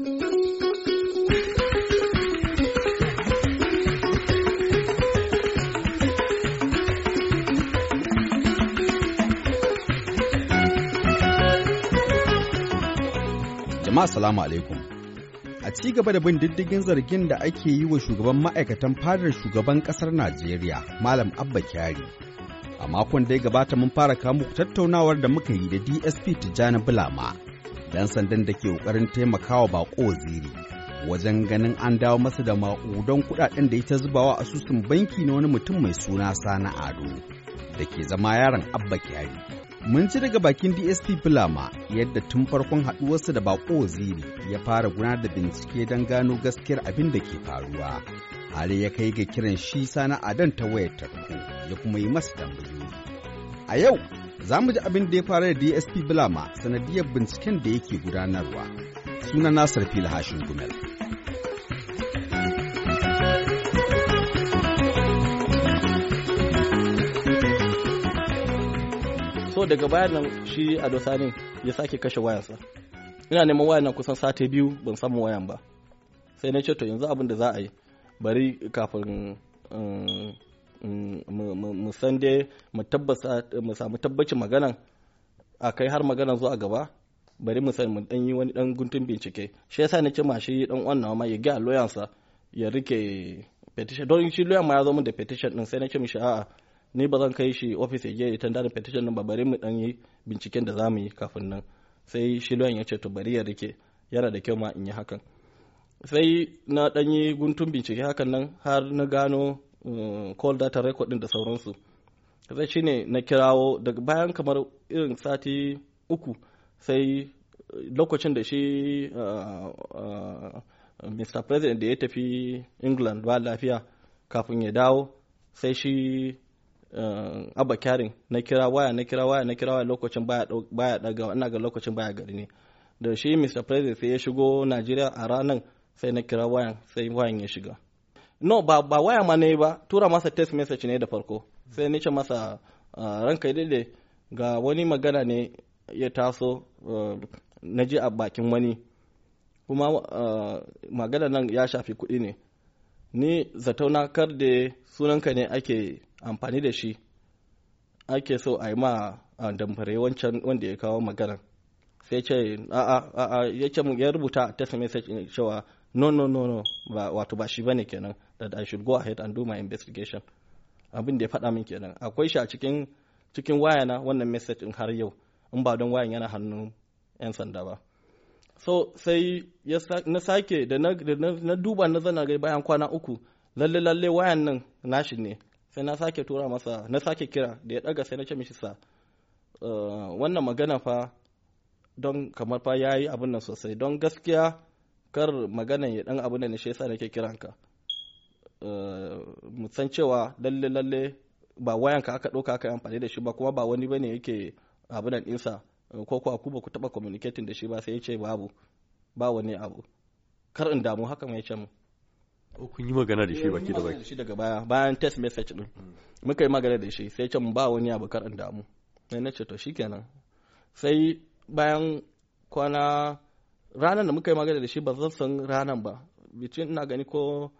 jama'a salamu alaikum a ci gaba da bin diddigin zargin da ake yi wa shugaban ma'aikatan fadar shugaban ƙasar najeriya malam abba kyari a makon da ya gabata mun fara kamu tattaunawar da muka yi da dsp tijjani bulama 'yan sandan da ke ƙoƙarin taimakawa baƙo ziri wajen ganin an dawo masa da maƙudan kuɗaɗen da ya ta zubawa asusun banki na wani mutum mai suna sana ado da ke zama yaron abba kyari mun ci daga bakin dstv lama yadda tun farkon haɗuwarsa da baƙo waziri ya fara gudanar da bincike don gano gaskiyar abin da ke faruwa hali ya kai ga kiran shi sana adon ta wayar tarko ya kuma yi masa tambayoyi A yau za mu ji abin da ya faru da DSP Bulama sanadiyar binciken da yake gudanarwa. Suna Nasir Filhashin Gumel. So daga bayan nan shi a dosanin ya sake kashe wayansa. Ina neman wayan nan kusan sati biyu ban samu wayan ba. Sai na ce to yanzu abin da za a yi bari kafin um, mu san dai mu samu tabbacin maganan a kai har magana zuwa gaba bari mu sani mu dan yi wani dan guntun bincike shi yasa ce ma shi dan wannan ma ya ga loyansa ya rike petition don shi loyan ma ya zo mun da petition din sai na ce mishi a'a ni ba zan kai shi office ya je ya tanda da petition din ba bari mu dan yi binciken da zamu yi kafin nan sai shi loyan ya ce to bari ya rike yana da kyau ma in yi hakan sai na dan yi guntun bincike hakan nan har na gano Mm, call data record da sauransu zai shine na kirawo daga bayan kamar irin sati uku sai eh, lokacin da shi eh, eh, mr president da ya tafi england ba lafiya kafin ya dawo sai shi abba kyarin na kira waya na kira waya na kira waya lokacin baya daga ina ga lokacin baya gari ne da shi mr president sai ya shigo nigeria a ranar sai na kira wayan sai wayan ya shiga no ba ba waya ma ne ba tura masa text message ne da farko sai ni ce masa uh, ranka daidai ga wani magana ne ya taso uh, na ji a bakin wani kuma ah, magana nan ya shafi kuɗi ne ni zatauna kar da sunanka ne ake amfani da shi ake so a yi ma damfare wancan wanda ya kawo magana sai ce a'a a'a ya rubuta a text message cewa no no no no ba wato ba shi bane kenan that I should go ahead and do my investigation abin da ya faɗa min kenan akwai shi a cikin cikin waya na wannan message in har yau in ba don wayan yana hannun 'yan sanda ba so sai na sake da na duba na zana gai bayan kwana uku lalle lalle wayan nan nashi ne sai na sake tura masa na sake kira da ya daga sai na ce mishi sa eh, wannan magana fa don kamar fa yayi abin nan sosai don gaskiya kar magana ya dan abin da ne shi yasa nake kiranka mu san cewa lalle lalle ba wayan ka aka ɗauka aka yi amfani da shi ba kuma ba wani bane yake abin nan ɗinsa ko kuwa ku ba ku taɓa communicating da shi ba sai ya ce babu ba wani abu kar in damu haka mai ce mu ko kun yi magana da shi eh, baki da baki shi daga baya bayan test message din hmm. muka yi magana da shi sai ya ce ba wani abu kar in damu sai na ce to shikenan sai bayan kwana ranar da muka yi magana da shi ba zan san ranar ba bitin ina gani ko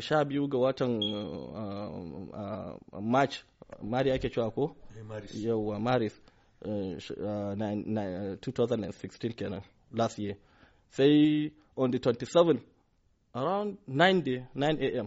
sha biyu ga watan uh, uh, uh, march mari ake cewa ko eh, yauwa maris 2016 eh, kenan last year sai on the 27 around 9 day 9 a.m. Eh.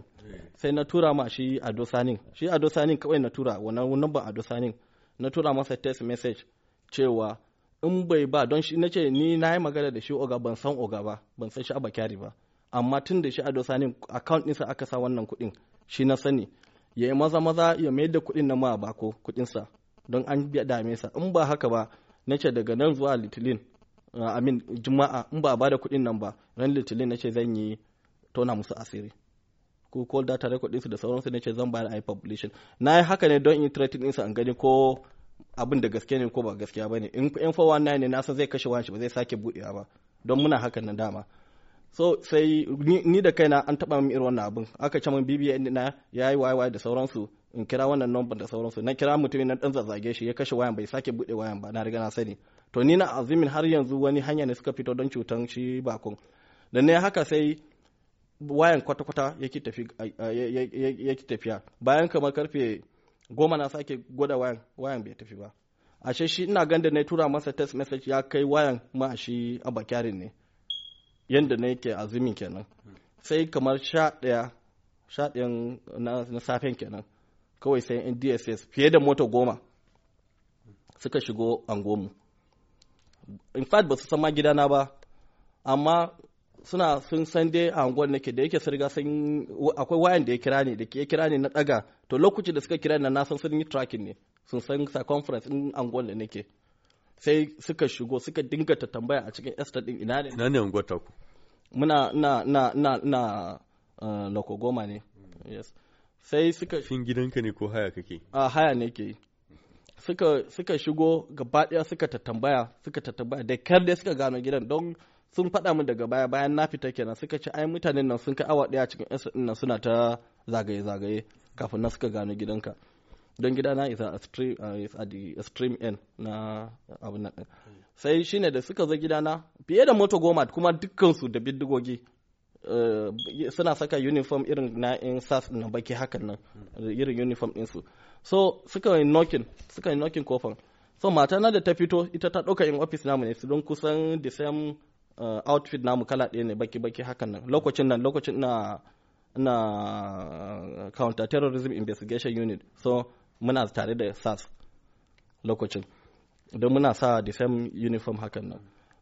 sai na tura ma shi ado sanin shi ado sanin kawai na tura wannan number ado sanin na tura masa text message cewa in bai ba don shi ce ni na yi magana da shi oga ban san oga ba ban san shi abakari ba amma tun da shi ado sani account ɗinsa aka sa wannan kuɗin shi na sani ya yi maza maza ya mayar da kuɗin na ma bako kuɗinsa don an dame sa in ba haka ba na ce daga nan zuwa litilin uh, amin juma'a in ba a bada kuɗin nan ba ran litilin na ce zan yi tona musu asiri ko da data record ɗinsu da sauransu na ce zan bayar a yi publication na yi haka ne don in threatin sa an gani ko abin da gaske ne ko ba gaskiya ba ne in info fawa na ne na san zai kashe wani ba zai sake buɗewa ba don muna hakan na dama so sai ni, da kaina an taba min irin wannan abin aka ce min bibiya na ya yi wayewaye da sauransu in kira wannan number da sauransu na kira mutumin na dan zazzage shi ya kashe wayan bai sake bude wayan ba na riga na sani to ni na azumin har yanzu wani hanya ne suka fito don cutan shi bakon da ne haka sai wayan kwata-kwata yake tafiya bayan kamar karfe goma na sake gwada wayan wayan bai tafi ba ashe shi ina ganda na tura masa test message ya kai wayan ma shi a ne yadda na yake azumin kenan sai kamar sha ɗaya na safen kenan kawai sai in dss fiye da mota goma suka shigo angomu in fact ba su san gidana ba amma suna sun san dai a angon nake da yake sun sun akwai wayan da ya kira ni da ya kira ni na daga to lokacin da suka kira ni na san sun yi tracking ne sun san circumference in anguwan da nake sai suka shigo suka dinga ta tambaya a cikin Esther din ina ne ina ne unguwar muna na na na na uh, lokogoma ne yes sai suka shin gidanka ne ko haya kake a haya ne ke suka suka shigo gaba daya suka ta tambaya suka ta tambaya da kar dai suka gano gidan don sun faɗa min daga baya bayan na fita kenan suka ce ai mutanen nan sun kai awa daya cikin Esther din nan suna ta zagaye zagaye kafin na suka gano gidanka don gida na isa a stream uh, n na abin nan sai shine da suka zo gida na fiye da moto goma kuma dukkansu da bindigogi eh, suna saka uniform irin na in sas na baki hakan nan irin uniform su so suka yi knocking suka yi knocking kofan so mata na da ta fito ita ta ɗauka in office namu ne su don kusan the same eh, outfit namu kala ɗaya ne baki baki hakan nan lokacin nan lokacin na na eh, counter terrorism investigation unit so muna tare da sas lokacin don muna sa the same uniform hakan nan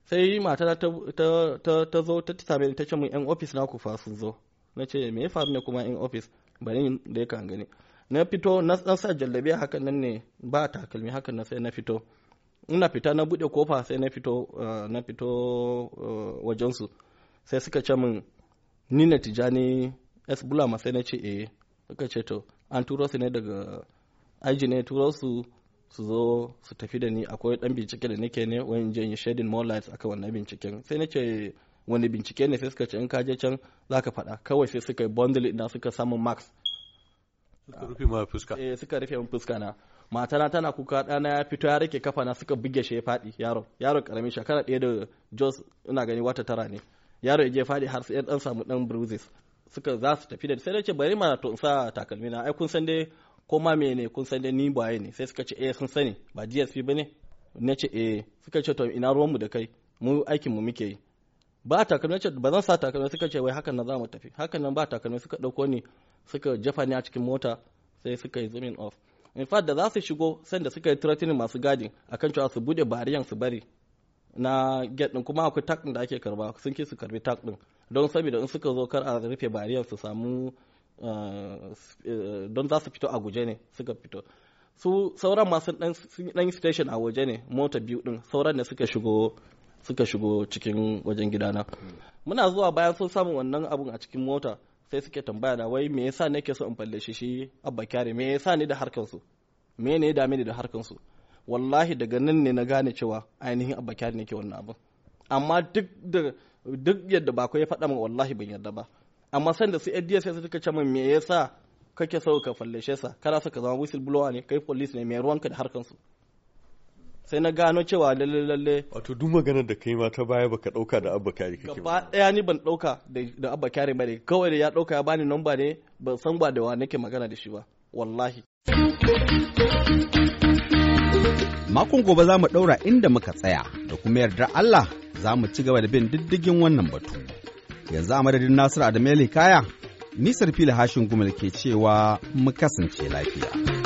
sai mata ta zo ta sami ta ce mun yan ofis na ku fa sun zo na ce me ya faru ne kuma yan ofis bari da yakan gani na fito na sa jallabiya hakan nan ne ba takalmi hakan na sai na fito ina fita na bude kofa sai na fito ah, na fito ah, wajen sai suka ce min ni na tijani s bulama sai na ce eh suka ce to an turo su ne daga aji ne turo su su zo su tafi da ni akwai dan bincike da nake ne wani je in shedin more light akan wannan binciken sai nace wani bincike ne sai suka ce in ka je can zaka faɗa kawai sai suka yi bundle ina suka samu max suka rufe ma fuska eh suka rufe min fuska na matana tana kuka ɗana ya fito ya rike kafa na suka buge shi ya faɗi yaro yaro karamin shekara ɗaya da jos ina gani wata tara ne yaro ya je faɗi har sai ɗan samu ɗan bruises suka za su tafi da sai da ce bari ma to in sa takalmi na ai kun san dai ko ma me ne kun san da ni baye ne sai suka ce eh sun sani ba DSP ba ne na ce eh suka ce to ina ruwanmu da kai mu aikin mu muke yi ba takalmi ce ba zan sa takalmi suka ce wai hakan na za mu tafi hakan nan ba takalmi suka dauko ni suka jafa ni a cikin mota sai suka yi zooming off in fact da za su shigo sanda suka yi threatening masu gadi akan cewa su bude bariyan su bari na get din kuma akwai tak din da ake karba sun ke su karbi tak din don saboda in suka zo kar a rufe bariyan su samu Eh, eh, don za su fito a guje ne suka fito su sauran masu dan yi station a waje ne mota biyu din sauran ne suka shigo suka shigo cikin wajen gidana muna zuwa bayan sun samu wannan abun a cikin mota sai suke tambaya na wai me yasa nake so in falle shi shi abba kyare me yasa ni da harkan su me ne ya dame ni da harkan su wallahi daga nan ne na gane cewa ainihin abba kyare nake wannan abun amma duk da duk yadda ba ya faɗa min wallahi ban yarda ba amma sanda su yan sai suka ce min me yasa kake so ka fallashe sa kana so ka zama whistleblower ne kai police ne mai ruwanka da harkan su sai na gano cewa lalle lalle wato duk maganar da kai ma ta baya baka dauka da abba kare kake gaba daya ni ban dauka da abba kare bane kawai da ya dauka ya bani number ne ban san ba da wa nake magana da shi ba wallahi makon gobe za mu daura inda muka tsaya da kuma yarda Allah za mu ci gaba da bin diddigin wannan batu yanzu a madadin Nasiru Adamele Kaya, nisar fili hashin gumal ke cewa mu kasance lafiya.